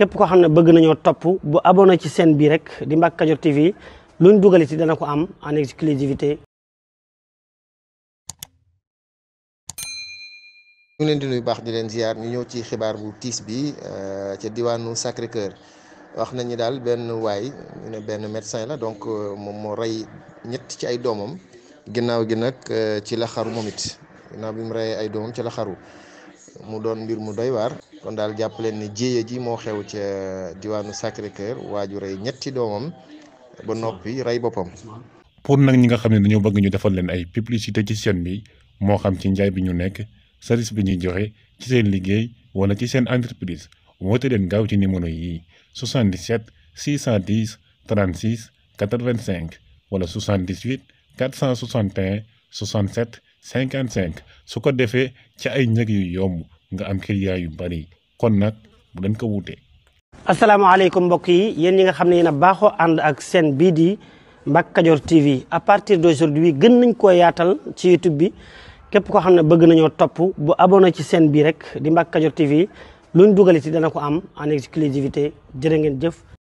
képp koo xam ne bëgg nañoo topp bu abonné ci seen bi rek di Mbacke Kadior TV luñ dugal ci dana ko am en exclusivité ñu ngi leen di nuyu baax di leen ziar ñu ñëw ci xibaar bu tiis bi euh, ca diwaanu Sacré Cœur wax nañu daal benn waay ñu ne benn médecin la donc euh, moom moo rey ñett ci ay doomam ginnaaw gi nag euh, ci la xaru moom it ginnaaw bi mu reyee ay doomam ci la xaru mu doon mbir mu doy waar kon daal jàpp leen ni jéeya ji moo xew ca diwaanu Sacré Cœur waaju rey ñetti doomam ba noppi rey boppam. pour nag ñi nga xam ne dañoo bëgg ñu defal leen ay publicité ci seen bi moo xam ci njaay bi ñu nekk service bi ñuy joxe ci seen liggéey wala ci seen entreprise woote leen gaaw ci numéro yi 77 610 36 85 wala 78 461 67. cinquante cinq su ko defee ci ay ñëg yu yomb nga am client yu bari kon nag bu dañ ko wuute. asalaamaaleykum mbokk yi yéen yi nga xam ne yi na baaxoo ànd ak seen bii di Mbacke Kadior TV à partir d'aujourd'hui gën nañ ko yaatal ci YouTube bi képp koo xam ne bëgg nañoo topp bu abonné ci seen bii rek di Mbacke Kadior TV luñ dugal ci dana ko am en exclusivité jërë ngeen jëf.